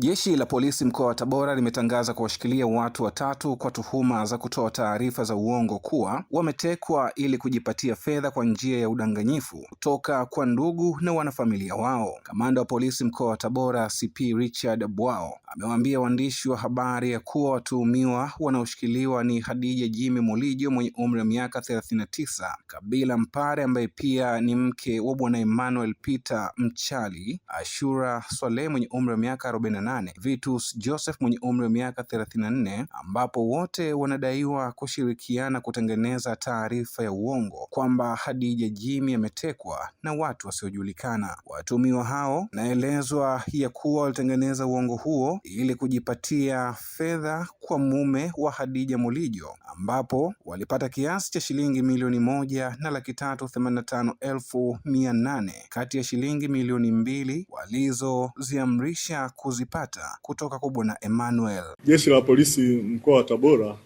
Jeshi la polisi mkoa wa Tabora limetangaza kuwashikilia watu watatu kwa tuhuma za kutoa taarifa za uongo kuwa wametekwa ili kujipatia fedha kwa njia ya udanganyifu kutoka kwa ndugu na wanafamilia wao. Kamanda wa polisi mkoa wa Tabora CP Richard Bwao amewaambia waandishi wa habari ya kuwa watuhumiwa wanaoshikiliwa ni Hadija Jimmy Mulijo mwenye umri wa miaka 39, Kabila Mpare ambaye pia ni mke wa Bwana Emmanuel Peter Mchali, Ashura swale mwenye umri wa miaka nane Vitus Joseph mwenye umri wa miaka 34 ambapo wote wanadaiwa kushirikiana kutengeneza taarifa ya uongo kwamba hadija Jimi ametekwa na watu wasiojulikana. Watumiwa hao naelezwa ya kuwa walitengeneza uongo huo ili kujipatia fedha kwa mume wa hadija Mulijo, ambapo walipata kiasi cha shilingi milioni moja na laki tatu themanini na tano elfu mia nane kati ya shilingi milioni mbili walizoziamrisha kuzipata tuliyopata kutoka kwa Bwana Emmanuel. Jeshi la polisi mkoa wa Tabora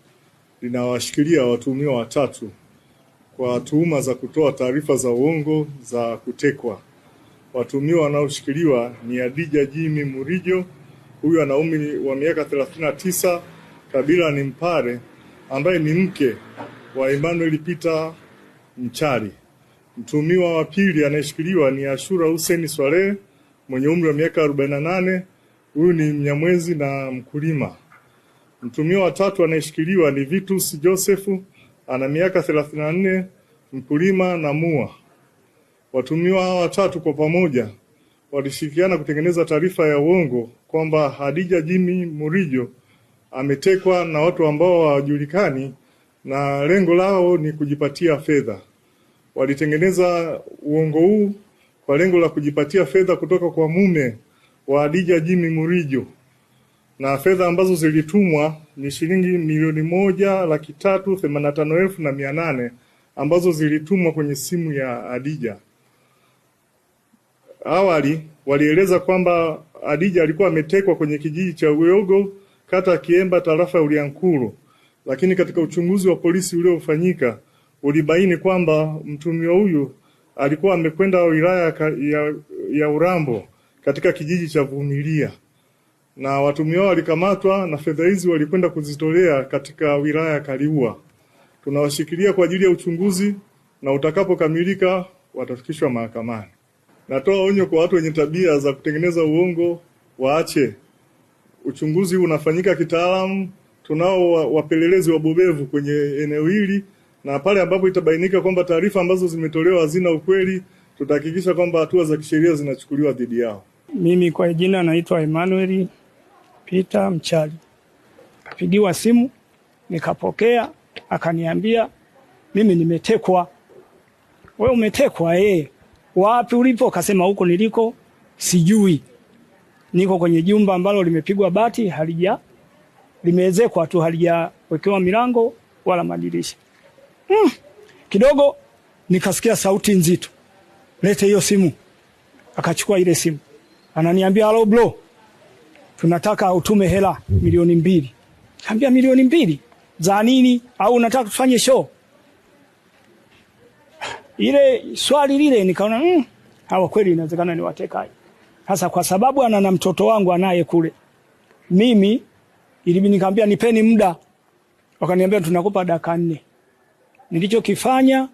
linawashikilia watuhumiwa watatu kwa tuhuma za kutoa taarifa za uongo za kutekwa. Watuhumiwa wanaoshikiliwa ni Adija Jimi Murijo, huyu ana umri wa miaka 39, kabila ni Mpare, ambaye ni mke wa Emmanuel Peter Mchari. Mtuhumiwa wa pili anayeshikiliwa ni Ashura Hussein Swalehe mwenye umri wa miaka 48, Huyu ni Mnyamwezi na mkulima. wa watatu anayeshikiliwa ni Vitus Joseph ana miaka 34 mkulima na mua. watumiwa hawa watatu kwa pamoja walishirikiana kutengeneza taarifa ya uongo kwamba Hadija Jimmy Murijo ametekwa na watu ambao hawajulikani na lengo lao ni kujipatia fedha. Walitengeneza uongo huu kwa lengo la kujipatia fedha kutoka kwa mume wa Adija Jimmy Murijo na fedha ambazo zilitumwa ni shilingi milioni moja laki tatu themanini na tano elfu na mia nane ambazo zilitumwa kwenye simu ya Adija. Awali walieleza kwamba Adija alikuwa ametekwa kwenye kijiji cha Uyogo, kata ya Kiemba, tarafa ya Uliankuru, lakini katika uchunguzi wa polisi uliofanyika ulibaini kwamba mtumio huyu alikuwa amekwenda wilaya ya, ya Urambo katika kijiji cha Vumilia na watumiwa walikamatwa na fedha hizi walikwenda kuzitolea katika wilaya ya Kaliua. Tunawashikilia kwa ajili ya uchunguzi na utakapokamilika watafikishwa mahakamani. Natoa onyo kwa watu wenye tabia za kutengeneza uongo waache. Uchunguzi unafanyika kitaalamu, tunao wapelelezi wabobevu kwenye eneo hili, na pale ambapo itabainika kwamba taarifa ambazo zimetolewa hazina ukweli, tutahakikisha kwamba hatua za kisheria zinachukuliwa dhidi yao. Mimi kwa jina naitwa Emmanuel Peter Mchali. Kapigiwa simu nikapokea, akaniambia mimi nimetekwa. We umetekwa eh? Wapi ulipo? Kasema huko niliko sijui, niko kwenye jumba ambalo limepigwa bati, halija limeezekwa tu, halijawekewa milango wala madirisha. Mm, kidogo nikasikia sauti nzito, lete hiyo simu. Akachukua ile simu ananiambia halo bro, tunataka utume hela milioni mbili. Kaambia milioni mbili za nini? Au unataka tufanye show? Ile swali lile nikaona mm, hawa kweli inawezekana ni watekaji. Sasa kwa sababu ana na mtoto wangu anaye kule, mimi ilibidi nipeni muda, wakaniambia tunakupa dakika nne. Nilichokifanya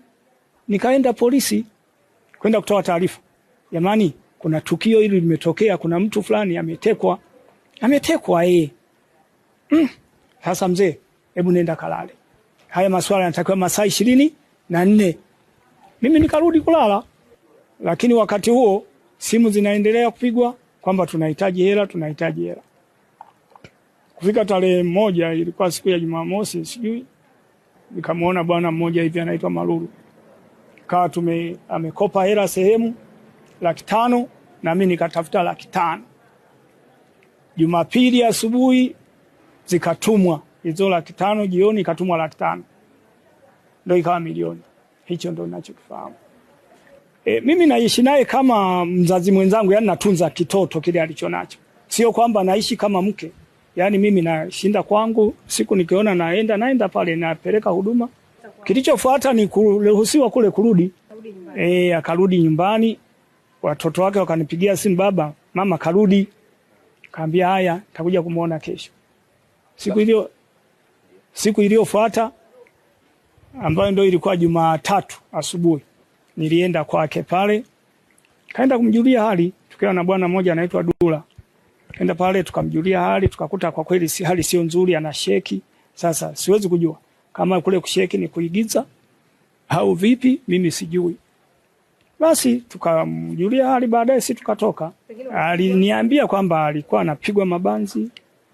nikaenda polisi kwenda kutoa taarifa, jamani kuna tukio hili limetokea, kuna mtu fulani ametekwa, ametekwa yeye. Mm. Sasa mzee, hebu nenda kalale. Haya maswala yanatakiwa masaa ishirini na nne. Mimi nikarudi kulala, lakini wakati huo simu zinaendelea kupigwa kwamba tunahitaji hela, tunahitaji hela. Kufika tarehe moja, ilikuwa siku ya Jumamosi, sijui nikamwona bwana mmoja hivi anaitwa Maruru, kaa tume amekopa hela sehemu laki tano na mimi nikatafuta laki tano. Jumapili asubuhi zikatumwa hizo laki tano, jioni ikatumwa laki tano, ndio ikawa milioni. Hicho ndio ninachokifahamu. E, mimi naishi naye kama mzazi mwenzangu, yani natunza kitoto kile alicho nacho, sio kwamba naishi kama mke. Yani mimi nashinda kwangu, siku nikiona naenda naenda pale napeleka huduma. Kilichofuata ni kuruhusiwa kule kurudi, e, akarudi nyumbani watoto wake wakanipigia simu, baba, mama karudi. Kaambia haya, nitakuja kumuona kesho. Siku hiyo siku iliyofuata ambayo ndio ilikuwa Jumatatu asubuhi, nilienda kwake pale, kaenda kumjulia hali, tukiwa na bwana mmoja anaitwa Dula. Kaenda pale tukamjulia hali, tukakuta kwa kweli si hali sio nzuri, ana sheki. Sasa siwezi kujua kama kule kusheki ni kuigiza au vipi, mimi sijui. Basi tukamjulia hali, baadaye si tukatoka. Aliniambia kwamba alikuwa anapigwa mabanzi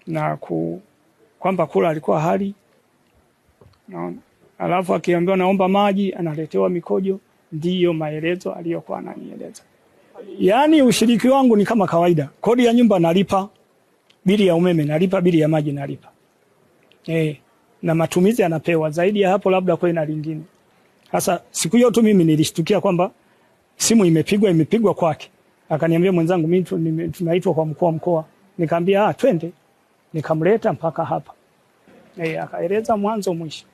na ku, kwamba kula alikuwa hali naona, alafu akiambiwa naomba maji analetewa mikojo. Ndiyo maelezo aliyokuwa ananieleza. Yaani ushiriki wangu ni kama kawaida, kodi ya nyumba nalipa, bili ya umeme nalipa, bili ya maji nalipa e, na matumizi anapewa. Zaidi ya hapo labda kwenda lingine. Sasa siku hiyo tu mimi nilishtukia kwamba simu imepigwa, imepigwa kwake. Akaniambia mwenzangu, mimi tunaitwa kwa mkuu wa mkoa. Nikamwambia ah, twende. Nikamleta mpaka hapa. Eh, akaeleza mwanzo mwisho.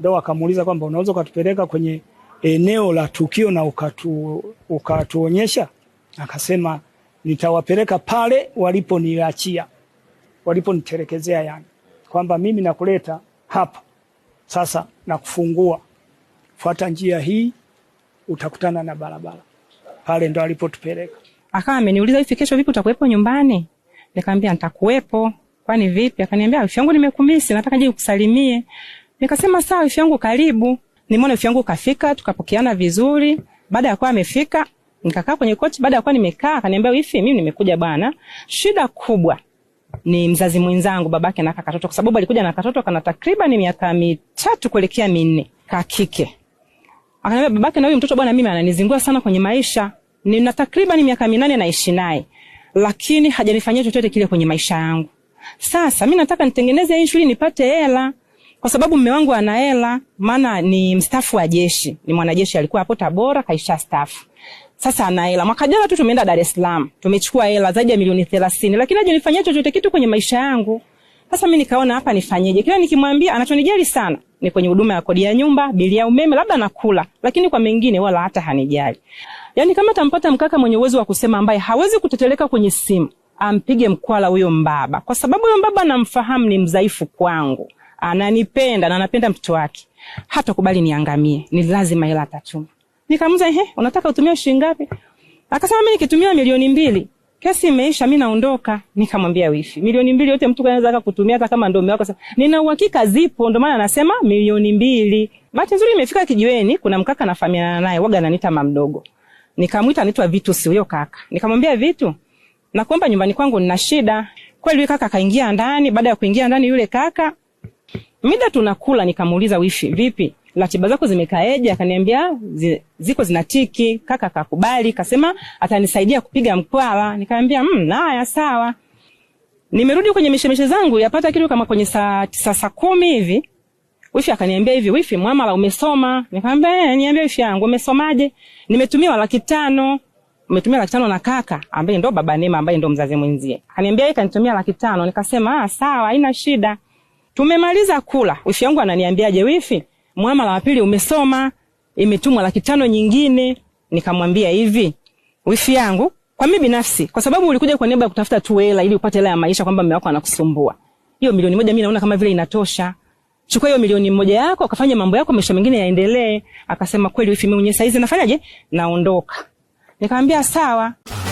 Ndio akamuuliza kwamba unaweza ukatupeleka kwenye eneo la tukio na ukatu, ukatuonyesha. Akasema nitawapeleka pale waliponiachia, waliponiterekezea, yani kwamba mimi nakuleta hapa sasa, nakufungua, fuata njia hii utakutana na barabara pale, ndo alipotupeleka. Akawa ameniuliza hivi, kesho vipi utakuwepo nyumbani? Nikamwambia nitakuwepo. Kwani vipi? Akaniambia wifi yangu nimekumisi, nataka nje ukusalimie. Nikasema sawa wifi yangu, karibu. Nimeona wifi yangu kafika, tukapokeana vizuri. Baada ya kuwa amefika, nikakaa kwenye kochi. Baada ya kuwa nimekaa, akaniambia wifi, mimi nimekuja bwana, shida kubwa ni mzazi mwenzangu babake na kaka katoto, kwa sababu alikuja na katoto kana takriban miaka mitatu kuelekea minne, kakike Akaniambia babake na huyu mtoto bwana, mimi ananizingua sana kwenye maisha, nina takriban miaka minane naishi naye, lakini hajanifanyia chochote kile kwenye maisha yangu. Sasa mi nataka nitengeneze hii ili nipate hela, kwa sababu mume wangu ana hela, maana ni mstafu wa jeshi, ni mwanajeshi, alikuwa hapo Tabora, kaisha stafu Sasa ana hela. Mwaka jana tu tumeenda Dar es Salaam, tumechukua hela zaidi ya milioni thelathini, lakini hajanifanyia chochote kitu kwenye maisha yangu. Sasa mimi nikaona hapa nifanyeje? Kila nikimwambia anachonijali sana ni kwenye huduma ya kodi ya nyumba, bili ya umeme, labda nakula, lakini kwa mengine wala hata hanijali. Yaani kama tampata mkaka mwenye uwezo wa kusema ambaye hawezi kuteteleka kwenye simu, ampige mkwala huyo mbaba, kwa sababu huyo mbaba namfahamu, ni mzaifu kwangu, ananipenda na anapenda mtoto wake, hata kubali niangamie, ni lazima hela atachuma. Nikamuza, ehe, unataka utumie shilingi ngapi? Akasema mimi nikitumia milioni mbili kesi imeisha, mi naondoka. Nikamwambia wifi, milioni mbili yote mtu anaweza aka kutumia hata kama ndo mume wako. Nina uhakika zipo, ndo maana anasema milioni mbili. Bahati nzuri imefika kijiweni, kuna mkaka nafahamiana naye, waga ananiita mama mdogo. Nikamwita, anaitwa Vitu, si huyo kaka. Nikamwambia Vitu, nakuomba nyumbani kwangu nina shida. Kweli kaka kaingia ndani. Baada ya kuingia ndani yule kaka, mida tunakula, nikamuuliza wifi, vipi ratiba zako zimekaeje? Akaniambia zi, ziko zinatiki. Kaka kakubali kasema atanisaidia kupiga mkwawa. Nikamwambia mmm, haya sawa. Nimerudi kwenye mishemishe zangu, yapata kitu kama kwenye saa tisa saa kumi hivi. Wifi akaniambia hivi, wifi mwamala umesoma? Nikamwambia eh, niambia wifi yangu umesomaje? Nimetumiwa laki tano. Umetumia laki tano na kaka ambaye ndo baba Neema ambaye ndo mzazi mwenzie. Akaniambia yeye kanitumia laki tano. Nikasema ah, sawa haina shida. Tumemaliza kula. Wifi yangu ananiambiaje wifi? muamala wa pili umesoma, imetumwa laki tano nyingine. Nikamwambia hivi, wifi yangu, kwa mimi binafsi, kwa sababu ulikuja kwa niaba ya kutafuta tu hela ili upate hela ya maisha, kwamba mume wako anakusumbua, hiyo milioni moja mimi naona kama vile inatosha. Chukua hiyo milioni moja yako, akafanya mambo yako, maisha mengine yaendelee. Akasema kweli wifi, mimi mwenyewe hizi nafanyaje, naondoka. Nikamwambia sawa.